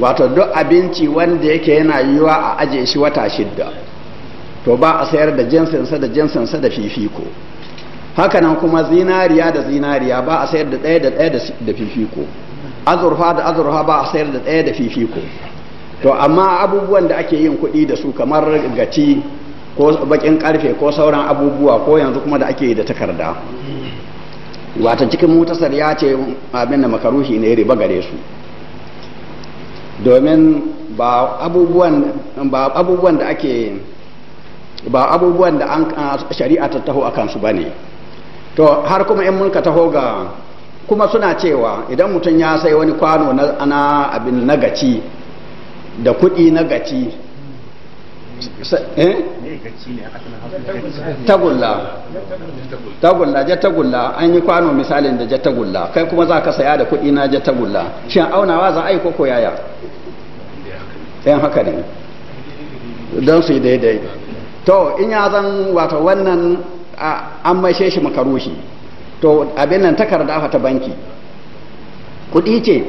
wato duk abinci wanda yake yana yiwa a aje shi wata shidda to ba a sayar da jinsinsa da jinsinsa da fifiko hakanan kuma zinariya da zinariya ba a sayar da ɗaya da ɗaya da fifiko azurfa da azurfa ba a sayar da ɗaya da fifiko to amma abubuwan da ake yin kuɗi da su kamar gaci ko bakin karfe ko sauran abubuwa ko yanzu kuma da ake yi da takarda wata cikin mutasar ya ce abin da makaruhi ne riba gare su domin ba abubuwan da ake ba abubuwan da an shari'a ta taho a kansu ba ne to har kuma in mulka taho ga kuma suna cewa idan mutum ya sai wani kwano na abin gaci da kuɗi na gaci Eh? tagulla tagulla an yi kwano misalin da tagulla kai kuma za ka saya da kuɗi na jatagulla shin aunawa za a yi koko yaya yan haka ne don su yi daidai to in ya zan wata wannan an maishe shi makarushi to abin nan takarda ta banki kuɗi ce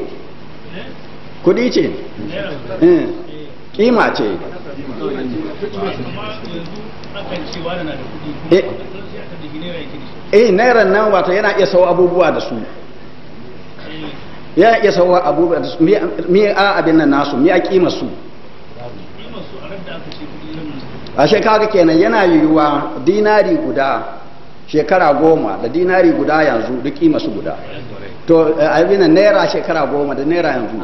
kuɗi ce eh. kima ce eh, eh naira nan wato yana iya sawo abubuwa da su yana iya sawo abubuwa da su mi a abin nan nasu mi a kima su a shekara kenan yana yiwuwa dinari guda shekara goma da dinari guda yanzu duk kima su guda to eh, abin naira shekara goma da naira yanzu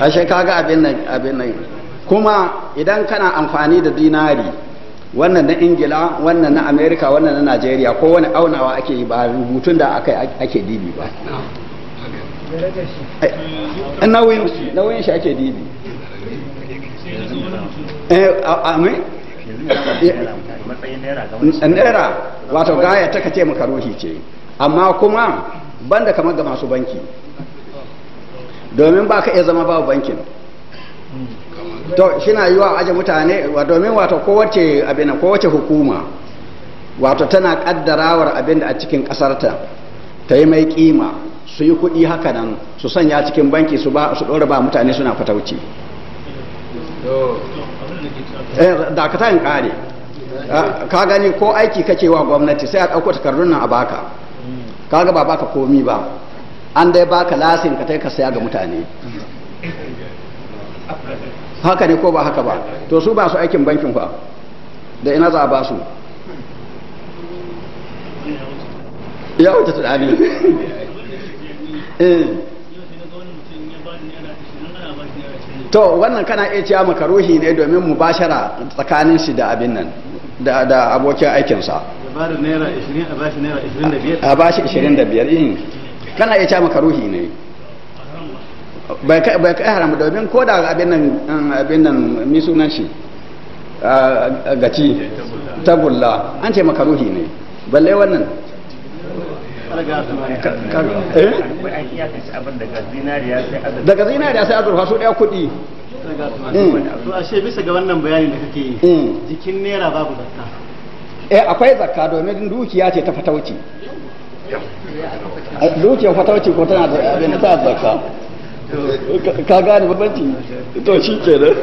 a shekara abin nan abin nan kuma idan kana amfani da dinari wannan na ingila wannan na amerika wannan na najeriya ko wani aunawa ake yi ba rubutun da aka ake dibi ba eh, nauyin shi ake dibi eh, naira wato gaya ta kace ruhi ce amma kuma banda kamar ga masu banki domin ba ka iya zama babu bankin to shina yi wa aje mutane domin wato kowace abin kowace hukuma wato tana kaddarawar abin da a cikin kasarta ta yi mai kima su yi kuɗi haka nan su sanya cikin banki su ɗora ba mutane suna fatauci eh, dakata kare ah, ka gani ko aiki kake wa gwamnati sai a ɗauko takardun nan a baka kaga ba baka komi ba an dai baka lasin ka yi ka saya ga mutane haka ne ko ba haka ba to su ba su aikin bankin ba da ina za a ba su ya wuce tunani eh. to wannan kana iya cewa maka ruhi ne domin mu bashara tsakanin shi da abin nan da abokin aikinsa a bashi 25 eh. kana iya cewa maka ruhi ne bai kai haram domin ko da abin nan abin nan mi sunan shi gaci tagulla an ce makaruhi ne balle wannan eh? daga zinariya sai azurfa su ɗaya kuɗi hmm. to ashe bisa ga wannan bayani da kake yi hmm. jikin naira babu zakka eh akwai zakka domin dukiya ce ta fatauci dukiyar fatauci ko tana da abin ta zakka ka gane babanci to shi ke nan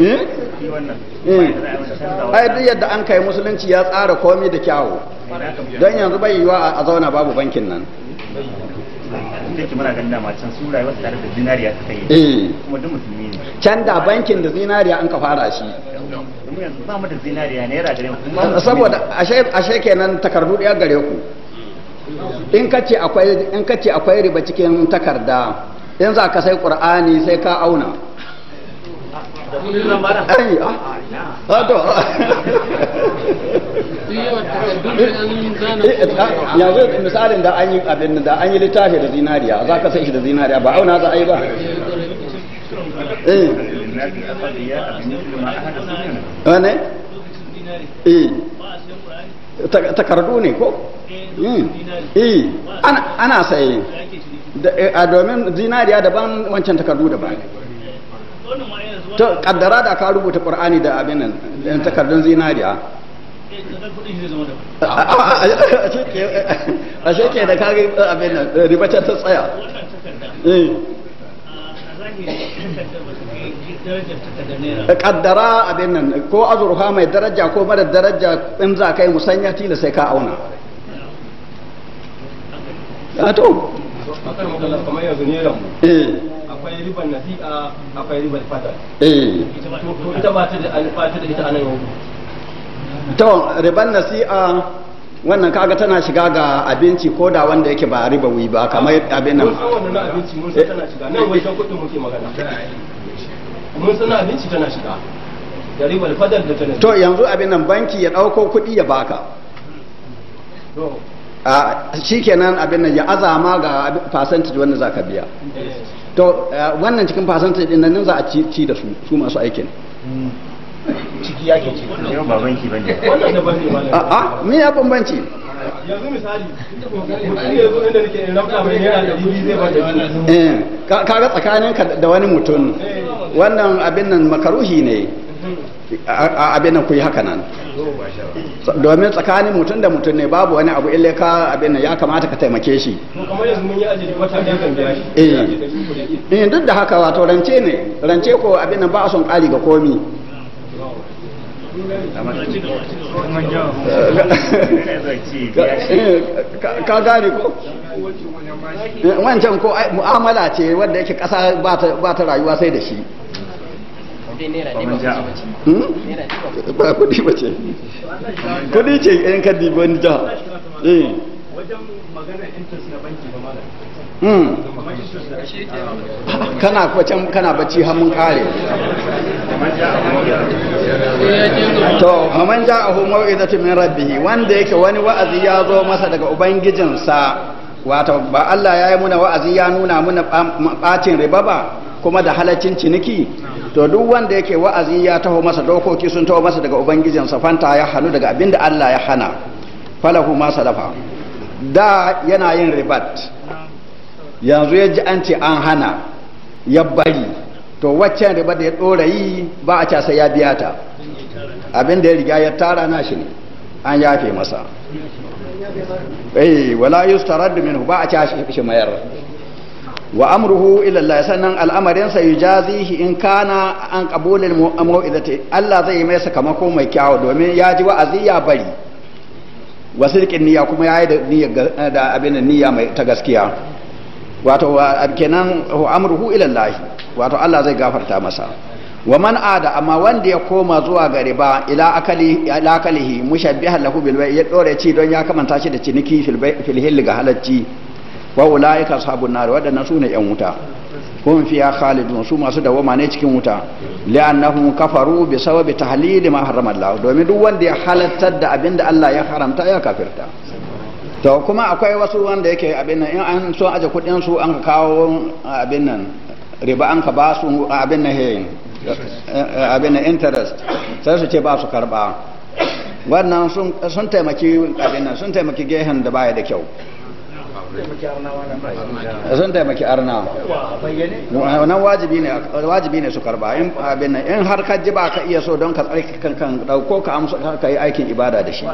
eh? eh. ai duk yadda an kai musulunci ya tsara komai da kyawu don yanzu bai yiwa a zauna babu bankin nan eh. can da bankin da zinariya an ka fara shi saboda ashe kenan takardu ɗaya gare ku in ka ce akwai in ka ce akwai riba cikin takarda in za ka sai qur'ani sai ka auna ah, ah, ah. yanzu misalin da an yi abin da an yi littafi da zinariya za ka sai shi da zinariya ba auna za a yi ba eh. wane? Eh. takardu ne ko? Hmm. Eh, ana saye eh, a domin zinariya daban wancan takardu daban to kaddara da ka rubuta qur'ani da abin nan takardun zinariya a sheke da kage abin nan ribacin ta tsaya eh. kaddara abin nan ko azurfa mai daraja ko mara daraja in za ka yi musanya tilasai ka auna a ah, to kamar yanzu ne ramu eh. akwai ribar nasi'a akwai ribar fata eh ita ba ta da alfata da ita anan yau to ribar nasi'a wannan kaga tana shiga ga abinci ko da wanda yake ba wi ba kamar abin nan mun abinci mun san tana shiga nan wajen kudin muke magana mun san abinci tana shiga da ribar fadar da tana to yanzu abin nan banki ya dauko kudi ya baka shi nan abin nan ya azama ga percentage wanda za ka biya to eh, wannan cikin percentage din nan za a ci da su su masu aikin ciki yake ci yau ba banki bane a a me ya bambanci yanzu misali yanzu inda nake rafta mai da dubi zai ba da eh ka ga tsakaninka da wani mutum wannan abin nan makaruhi ne Abinan ku yi haka nan domin tsakanin mutum da mutum ne babu wani abu illa ka abinan ya kamata ka taimake shi eh duk da haka wato rance ne rance ko abinan ba a son kari ga komi ka gane ko wancan ko mu'amala ce wadda yake kasa ba ta rayuwa sai da shi ba kudi ba ce hmm? kudi ce yan ka eh. hmm. na bacci har mun kare min wanda yake wani wa'azi ya zo masa daga ubangijinsa wato ba Allah ya yi muna wa'azi ya nuna muna ɓacin riba ba kuma da halaccin ciniki to duk wanda yake wa'azi ya taho masa dokoki sun taho masa daga ubangijinsa fanta ya hannu daga abinda Allah ya hana falahu ma salafa da yana yin ribat yanzu ya ji an ce an hana ya bari to waccan ribat da ya dora yi ba a sai ya biya ta abin ya riga ya tara na shi ne an yafe masa eh wala yustarad minhu ba a shi mayar wa amruhu ila sannan al'amarin sa yujazihi in kana an qabulil mau'izati Allah zai mai sakamako mai kyawu domin ya ji wa'azi ya bari wa niyya kuma yayi da niyya da abin niyya mai ta gaskiya wato kenan wa amruhu ila wato Allah zai gafarta masa wa man ada amma wanda ya koma zuwa ga riba ila akali ila akalihi mushabbihan lahu bil ya dore ci don ya kamanta shi da ciniki fil hilga ga halacci wa ulaika ashabun nar wadannan sune yan wuta hum fiya khalidun su masu dawama ne cikin wuta li'annahum kafaru bi sababi tahlil ma harrama Allah domin duk wanda ya halattar da abinda Allah ya haramta ya kafirta to kuma akwai wasu wanda yake abin nan in an so aje kudin su an kawo abin nan riba an ka ba su abin nan he abin nan interest sai su ce ba su karba wannan sun taimaki abin nan sun taimaki gehen da baya da kyau sun taimaki arna eh, wannan wajibi ne wajibi ne su karba in abin in har ka ji ba ka iya so don ka tsarki kan kan dauko ka amsa ka yi aikin ibada da shi